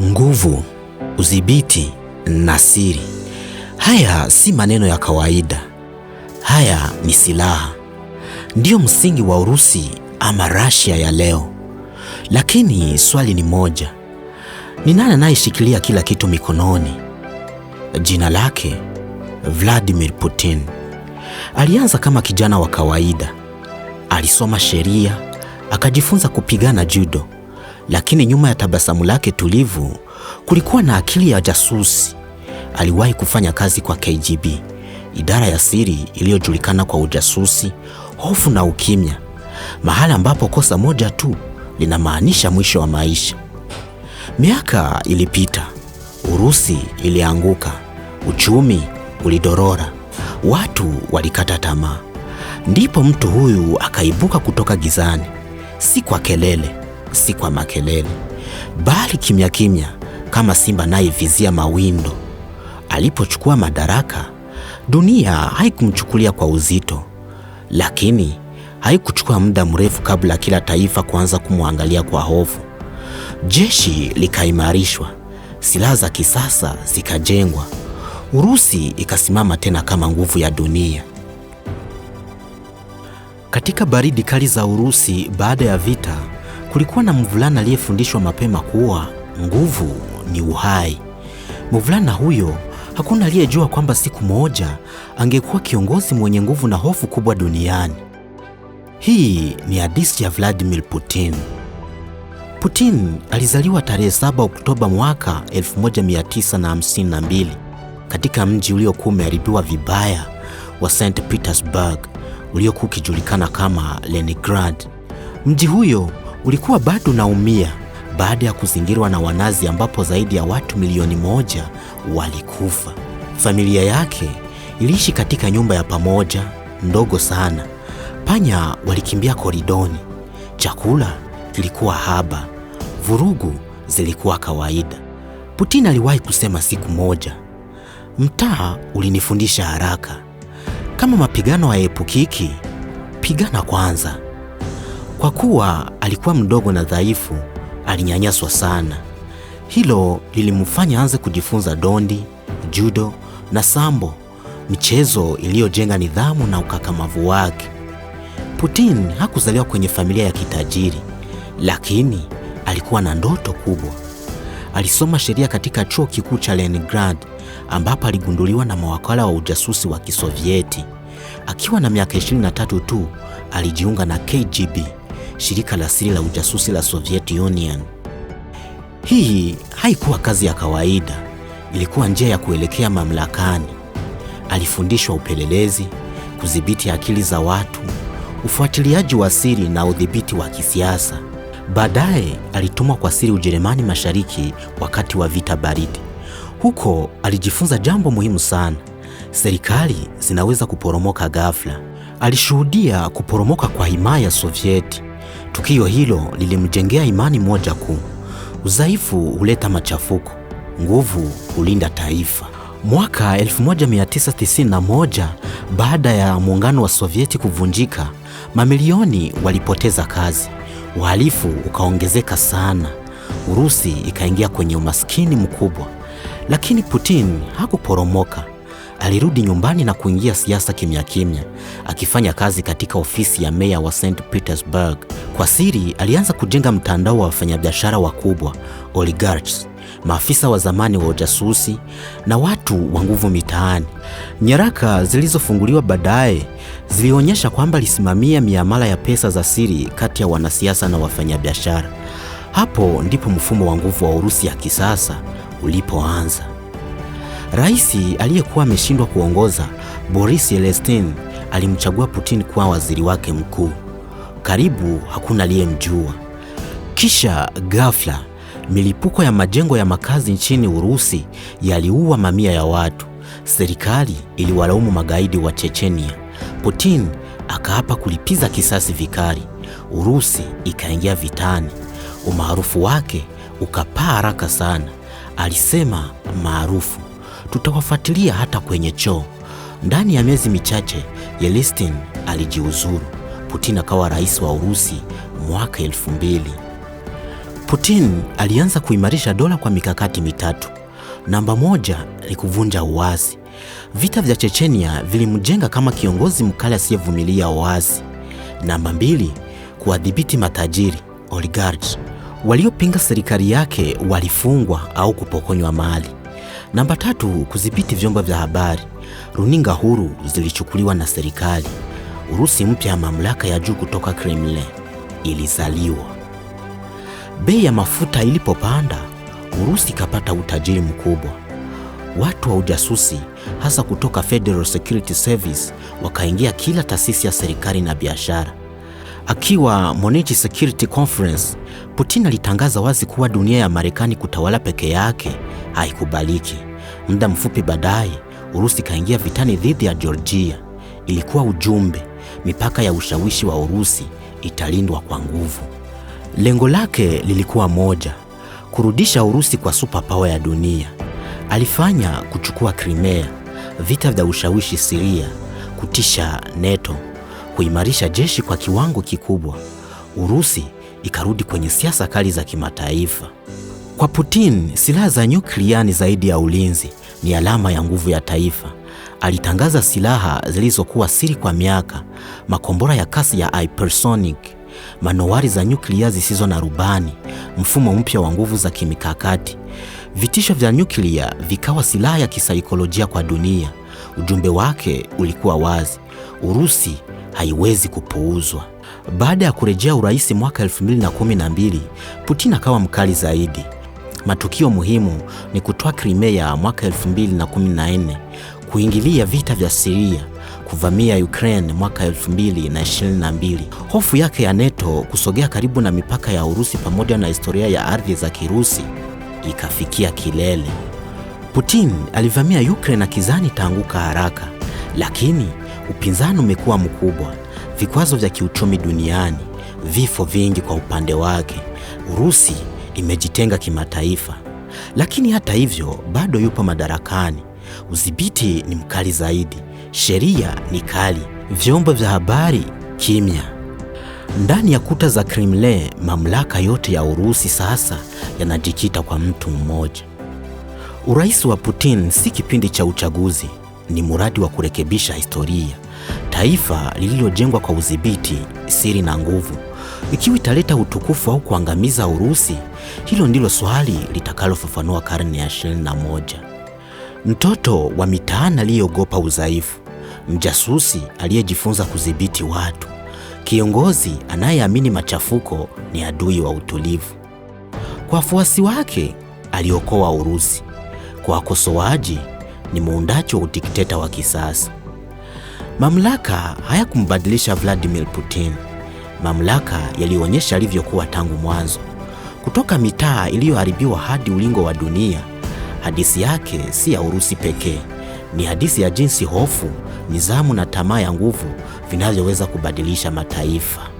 nguvu, udhibiti na siri. Haya si maneno ya kawaida, haya ni silaha. Ndiyo msingi wa Urusi ama Russia ya leo. Lakini swali ni moja, ni nani anayeshikilia kila kitu mikononi? Jina lake Vladimir Putin. Alianza kama kijana wa kawaida, alisoma sheria, akajifunza kupigana judo lakini nyuma ya tabasamu lake tulivu kulikuwa na akili ya jasusi. Aliwahi kufanya kazi kwa KGB, idara ya siri iliyojulikana kwa ujasusi, hofu na ukimya, mahali ambapo kosa moja tu linamaanisha mwisho wa maisha. Miaka ilipita, Urusi ilianguka, uchumi ulidorora, watu walikata tamaa. Ndipo mtu huyu akaibuka kutoka gizani, si kwa kelele si kwa makelele, bali kimya kimya, kama simba anayevizia mawindo. Alipochukua madaraka, dunia haikumchukulia kwa uzito, lakini haikuchukua muda mrefu kabla kila taifa kuanza kumwangalia kwa hofu. Jeshi likaimarishwa, silaha za kisasa zikajengwa, Urusi ikasimama tena kama nguvu ya dunia. Katika baridi kali za Urusi baada ya vita Kulikuwa na mvulana aliyefundishwa mapema kuwa nguvu ni uhai. Mvulana huyo hakuna aliyejua kwamba siku moja angekuwa kiongozi mwenye nguvu na hofu kubwa duniani. Hii ni hadithi ya Vladimir Putin. Putin alizaliwa tarehe 7 Oktoba mwaka 1952 katika mji uliokuwa umeharibiwa vibaya wa St. Petersburg uliokuwa ukijulikana kama Leningrad. Mji huyo ulikuwa bado unaumia baada ya kuzingirwa na wanazi, ambapo zaidi ya watu milioni moja walikufa. Familia yake iliishi katika nyumba ya pamoja ndogo sana. Panya walikimbia koridoni, chakula kilikuwa haba, vurugu zilikuwa kawaida. Putin aliwahi kusema siku moja, mtaa ulinifundisha haraka, kama mapigano hayaepukiki, pigana kwanza. Kwa kuwa alikuwa mdogo na dhaifu, alinyanyaswa sana. Hilo lilimfanya anze kujifunza dondi, judo na sambo, michezo iliyojenga nidhamu na ukakamavu wake. Putin hakuzaliwa kwenye familia ya kitajiri, lakini alikuwa na ndoto kubwa. Alisoma sheria katika chuo kikuu cha Leningrad ambapo aligunduliwa na mawakala wa ujasusi wa Kisovieti. Akiwa na miaka 23 tu alijiunga na KGB shirika la siri la ujasusi la Soviet Union. Hii haikuwa kazi ya kawaida, ilikuwa njia ya kuelekea mamlakani. Alifundishwa upelelezi, kudhibiti akili za watu, ufuatiliaji wa siri na udhibiti wa kisiasa. Baadaye alitumwa kwa siri Ujerumani Mashariki wakati wa vita baridi. Huko alijifunza jambo muhimu sana: serikali zinaweza kuporomoka ghafla. Alishuhudia kuporomoka kwa himaya ya Sovieti Tukio hilo lilimjengea imani moja kuu: udhaifu huleta machafuko, nguvu hulinda taifa. Mwaka 1991 baada ya muungano wa Sovieti kuvunjika, mamilioni walipoteza kazi, uhalifu ukaongezeka sana, Urusi ikaingia kwenye umaskini mkubwa. Lakini Putin hakuporomoka. Alirudi nyumbani na kuingia siasa kimya kimya, akifanya kazi katika ofisi ya meya wa St Petersburg. Kwa siri alianza kujenga mtandao wa wafanyabiashara wakubwa, oligarchs, maafisa wa zamani wa ujasusi na watu wa nguvu mitaani. Nyaraka zilizofunguliwa baadaye zilionyesha kwamba alisimamia miamala ya pesa za siri kati ya wanasiasa na wafanyabiashara. Hapo ndipo mfumo wa nguvu wa Urusi ya kisasa ulipoanza. Rais aliyekuwa ameshindwa kuongoza Boris Yeltsin alimchagua Putin kuwa waziri wake mkuu karibu hakuna aliyemjua. Kisha ghafla, milipuko ya majengo ya makazi nchini Urusi yaliua mamia ya watu. Serikali iliwalaumu magaidi wa Chechenia. Putin akaapa kulipiza kisasi vikali. Urusi ikaingia vitani. Umaarufu wake ukapaa haraka sana. Alisema maarufu, tutawafuatilia hata kwenye choo. Ndani ya miezi michache, Yeltsin alijiuzuru. Putin akawa rais wa Urusi mwaka elfu mbili. Putin alianza kuimarisha dola kwa mikakati mitatu. Namba moja ni kuvunja uwazi. Vita vya Chechenia vilimjenga kama kiongozi mkali asiyevumilia uwazi. Namba mbili, kuwadhibiti matajiri oligarchs. Waliopinga serikali yake walifungwa au kupokonywa mali. Namba tatu, kudhibiti vyombo vya habari. Runinga huru zilichukuliwa na serikali. Urusi mpya ya mamlaka ya juu kutoka Kremlin ilizaliwa. Bei ya mafuta ilipopanda, Urusi ikapata utajiri mkubwa. Watu wa ujasusi hasa kutoka Federal Security Service wakaingia kila taasisi ya serikali na biashara. Akiwa Munich Security Conference, Putin alitangaza wazi kuwa dunia ya Marekani kutawala peke yake haikubaliki. Muda mfupi baadaye, Urusi ikaingia vitani dhidi ya Georgia. Ilikuwa ujumbe mipaka ya ushawishi wa Urusi italindwa kwa nguvu. Lengo lake lilikuwa moja, kurudisha Urusi kwa superpower ya dunia. Alifanya kuchukua Crimea, vita vya ushawishi Siria, kutisha NATO, kuimarisha jeshi kwa kiwango kikubwa. Urusi ikarudi kwenye siasa kali za kimataifa. Kwa Putin, silaha za nyuklia ni zaidi ya ulinzi, ni alama ya nguvu ya taifa alitangaza silaha zilizokuwa siri kwa miaka: makombora ya kasi ya hypersonic, manowari za nyuklia zisizo na rubani, mfumo mpya wa nguvu za kimikakati. Vitisho vya nyuklia vikawa silaha ya kisaikolojia kwa dunia. Ujumbe wake ulikuwa wazi: Urusi haiwezi kupuuzwa. Baada ya kurejea urais mwaka 2012, Putin akawa mkali zaidi. Matukio muhimu ni kutoa Crimea mwaka 2014 kuingilia vita vya Siria kuvamia Ukraine mwaka 2022. Hofu yake ya NATO kusogea karibu na mipaka ya Urusi pamoja na historia ya ardhi za Kirusi ikafikia kilele. Putin alivamia Ukraine akizani itaanguka haraka, lakini upinzani umekuwa mkubwa, vikwazo vya kiuchumi duniani, vifo vingi kwa upande wake. Urusi imejitenga kimataifa, lakini hata hivyo bado yupo madarakani udhibiti ni mkali zaidi, sheria ni kali, vyombo vya habari kimya. Ndani ya kuta za Kremlin, mamlaka yote ya Urusi sasa yanajikita kwa mtu mmoja. Urais wa Putin si kipindi cha uchaguzi, ni mradi wa kurekebisha historia. Taifa lililojengwa kwa udhibiti, siri na nguvu. Ikiwa italeta utukufu au kuangamiza Urusi, hilo ndilo swali litakalofafanua karne ya 21 mtoto wa mitaani aliyeogopa udhaifu, mjasusi aliyejifunza kudhibiti watu, kiongozi anayeamini machafuko ni adui wa utulivu. Kwa wafuasi wake aliokoa Urusi, kwa wakosoaji ni muundaji wa udikteta wa kisasa. Mamlaka hayakumbadilisha Vladimir Putin, mamlaka yalionyesha alivyokuwa tangu mwanzo, kutoka mitaa iliyoharibiwa hadi ulingo wa dunia. Hadithi yake si ya Urusi pekee, ni hadithi ya jinsi hofu, nizamu na tamaa ya nguvu vinavyoweza kubadilisha mataifa.